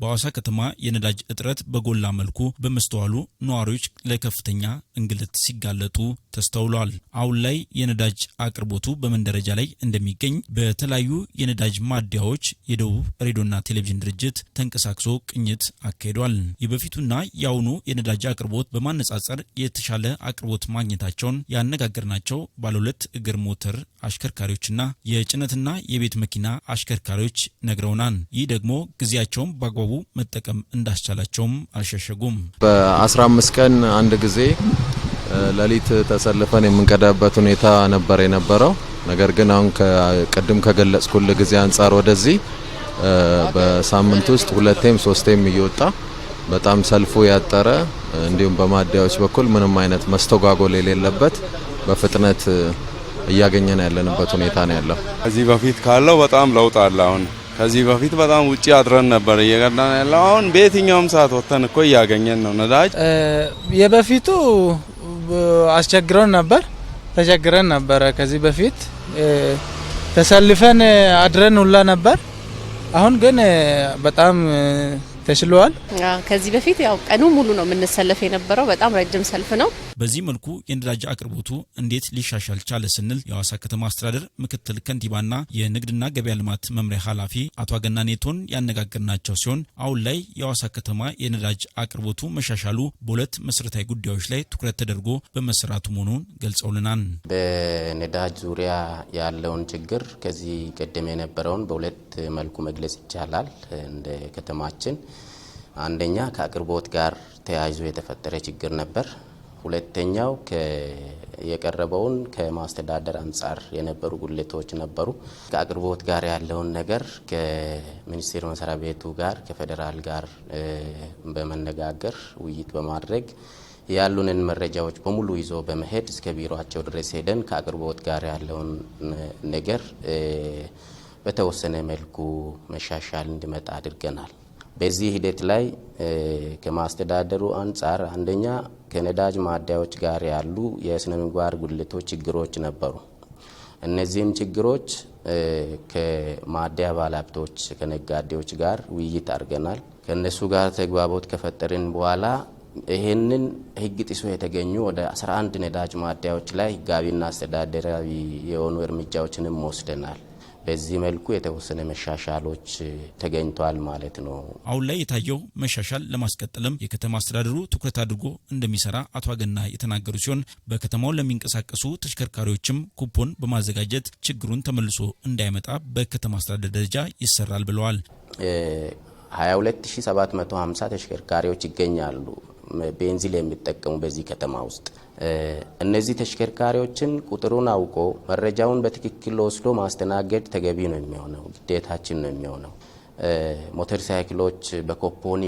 በሐዋሳ ከተማ የነዳጅ እጥረት በጎላ መልኩ በመስተዋሉ ነዋሪዎች ለከፍተኛ እንግልት ሲጋለጡ ተስተውሏል። አሁን ላይ የነዳጅ አቅርቦቱ በምን ደረጃ ላይ እንደሚገኝ በተለያዩ የነዳጅ ማደያዎች የደቡብ ሬዲዮና ቴሌቪዥን ድርጅት ተንቀሳቅሶ ቅኝት አካሂዷል። የበፊቱና የአሁኑ የነዳጅ አቅርቦት በማነጻጸር የተሻለ አቅርቦት ማግኘታቸውን ያነጋገርናቸው ባለሁለት እግር ሞተር አሽከርካሪዎችና የጭነትና የቤት መኪና አሽከርካሪዎች ነግረውናል። ይህ ደግሞ ጊዜያቸውን በአግባቡ በአግባቡ መጠቀም እንዳስቻላቸውም አልሸሸጉም። በ15 ቀን አንድ ጊዜ ሌሊት ተሰልፈን የምንቀዳበት ሁኔታ ነበር የነበረው። ነገር ግን አሁን ቅድም ከገለጽኩል ጊዜ አንጻር ወደዚህ በሳምንት ውስጥ ሁለቴም ሶስቴም እየወጣ በጣም ሰልፉ ያጠረ እንዲሁም በማደያዎች በኩል ምንም አይነት መስተጓጎል የሌለበት በፍጥነት እያገኘን ያለንበት ሁኔታ ነው ያለው። ከዚህ በፊት ካለው በጣም ለውጥ አለ አሁን ከዚህ በፊት በጣም ውጭ አድረን ነበር እየቀዳን ያለው። አሁን በየትኛውም ሰዓት ወጥተን እኮ እያገኘን ነው ነዳጅ። የበፊቱ አስቸግረን ነበር፣ ተቸግረን ነበረ። ከዚህ በፊት ተሰልፈን አድረን ሁላ ነበር። አሁን ግን በጣም ተችሏል። ከዚህ በፊት ያው ቀኑ ሙሉ ነው የምንሰለፍ የነበረው። በጣም ረጅም ሰልፍ ነው። በዚህ መልኩ የነዳጅ አቅርቦቱ እንዴት ሊሻሻል ቻለ ስንል የሐዋሳ ከተማ አስተዳደር ምክትል ከንቲባና የንግድና ገበያ ልማት መምሪያ ኃላፊ አቶ አገና ኔቶን ያነጋገርናቸው ሲሆን አሁን ላይ የሐዋሳ ከተማ የነዳጅ አቅርቦቱ መሻሻሉ በሁለት መሰረታዊ ጉዳዮች ላይ ትኩረት ተደርጎ በመሰራቱ መሆኑን ገልጸውልናል። በነዳጅ ዙሪያ ያለውን ችግር ከዚህ ቀደም የነበረውን በሁለት መልኩ መግለጽ ይቻላል። እንደ ከተማችን አንደኛ ከአቅርቦት ጋር ተያይዞ የተፈጠረ ችግር ነበር። ሁለተኛው የቀረበውን ከማስተዳደር አንጻር የነበሩ ጉድለቶች ነበሩ። ከአቅርቦት ጋር ያለውን ነገር ከሚኒስቴር መስሪያ ቤቱ ጋር ከፌዴራል ጋር በመነጋገር ውይይት በማድረግ ያሉንን መረጃዎች በሙሉ ይዞ በመሄድ እስከ ቢሮቸው ድረስ ሄደን ከአቅርቦት ጋር ያለውን ነገር በተወሰነ መልኩ መሻሻል እንዲመጣ አድርገናል። በዚህ ሂደት ላይ ከማስተዳደሩ አንጻር አንደኛ ከነዳጅ ማደያዎች ጋር ያሉ የስነ ምግባር ጉድለቶች ችግሮች ነበሩ። እነዚህም ችግሮች ከማደያ ባለሀብቶች ከነጋዴዎች ጋር ውይይት አድርገናል። ከእነሱ ጋር ተግባቦት ከፈጠርን በኋላ ይህንን ህግ ጥሶ የተገኙ ወደ 11 ነዳጅ ማደያዎች ላይ ሕጋዊና አስተዳደራዊ የሆኑ እርምጃዎችንም ወስደናል። በዚህ መልኩ የተወሰነ መሻሻሎች ተገኝቷል ማለት ነው። አሁን ላይ የታየው መሻሻል ለማስቀጠልም የከተማ አስተዳደሩ ትኩረት አድርጎ እንደሚሰራ አቶ አገና የተናገሩ ሲሆን በከተማው ለሚንቀሳቀሱ ተሽከርካሪዎችም ኩፖን በማዘጋጀት ችግሩን ተመልሶ እንዳይመጣ በከተማ አስተዳደር ደረጃ ይሰራል ብለዋል። 22750 ተሽከርካሪዎች ይገኛሉ። ቤንዚል የሚጠቀሙ በዚህ ከተማ ውስጥ እነዚህ ተሽከርካሪዎችን ቁጥሩን አውቆ መረጃውን በትክክል ወስዶ ማስተናገድ ተገቢ ነው የሚሆነው ግዴታችን ነው የሚሆነው። ሞተር ሳይክሎች በኮፖኒ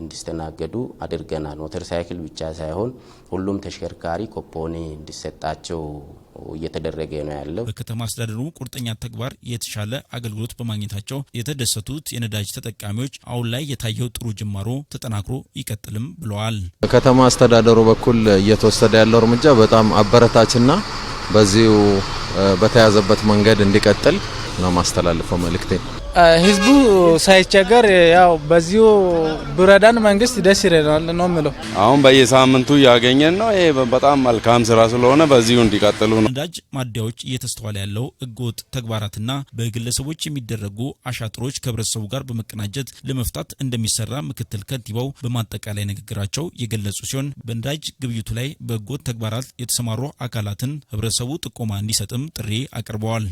እንዲስተናገዱ አድርገናል። ሞተር ሳይክል ብቻ ሳይሆን ሁሉም ተሽከርካሪ ኮፖኒ እንዲሰጣቸው እየተደረገ ነው ያለው። በከተማ አስተዳደሩ ቁርጠኛ ተግባር የተሻለ አገልግሎት በማግኘታቸው የተደሰቱት የነዳጅ ተጠቃሚዎች አሁን ላይ የታየው ጥሩ ጅማሮ ተጠናክሮ ይቀጥልም ብለዋል። በከተማ አስተዳደሩ በኩል እየተወሰደ ያለው እርምጃ በጣም አበረታችና በዚሁ በተያዘበት መንገድ እንዲቀጥል ነው ማስተላልፈው መልእክቴ። ህዝቡ ሳይቸገር ያው በዚሁ ብረዳን መንግስት ደስ ይለናል ነው የምለው። አሁን በየሳምንቱ እያገኘን ነው። ይሄ በጣም መልካም ስራ ስለሆነ በዚሁ እንዲቀጥሉ ነው። ነዳጅ ማደያዎች እየተስተዋለ ያለው ህገወጥ ተግባራትና በግለሰቦች የሚደረጉ አሻጥሮች ከህብረተሰቡ ጋር በመቀናጀት ለመፍታት እንደሚሰራ ምክትል ከንቲባው በማጠቃላይ ንግግራቸው የገለጹ ሲሆን በነዳጅ ግብይቱ ላይ በህገወጥ ተግባራት የተሰማሩ አካላትን ህብረተሰቡ ጥቆማ እንዲሰጥም ጥሪ አቅርበዋል።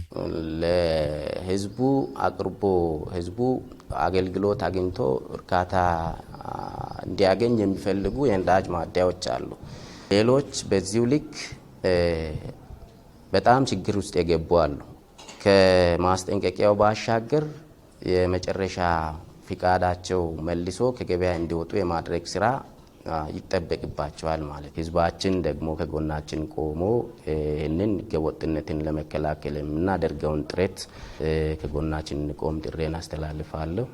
ህዝቡ አቅርቦ ህዝቡ አገልግሎት አግኝቶ እርካታ እንዲያገኝ የሚፈልጉ የነዳጅ ማደያዎች አሉ። ሌሎች በዚሁ ልክ በጣም ችግር ውስጥ የገቡ አሉ። ከማስጠንቀቂያው ባሻገር የመጨረሻ ፍቃዳቸው መልሶ ከገበያ እንዲወጡ የማድረግ ስራ ይጠበቅባቸዋል ማለት ህዝባችን ደግሞ ከጎናችን ቆሞ ይህንን ህገወጥነትን ለመከላከል የምናደርገውን ጥረት ከጎናችን እንቆም ጥሬን አስተላልፋለሁ።